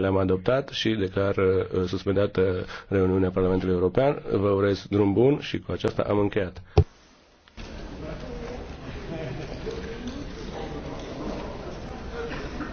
le-am adoptat și declar uh, suspendată reuniunea Parlamentului European. Vă urez drum bun și cu aceasta am încheiat.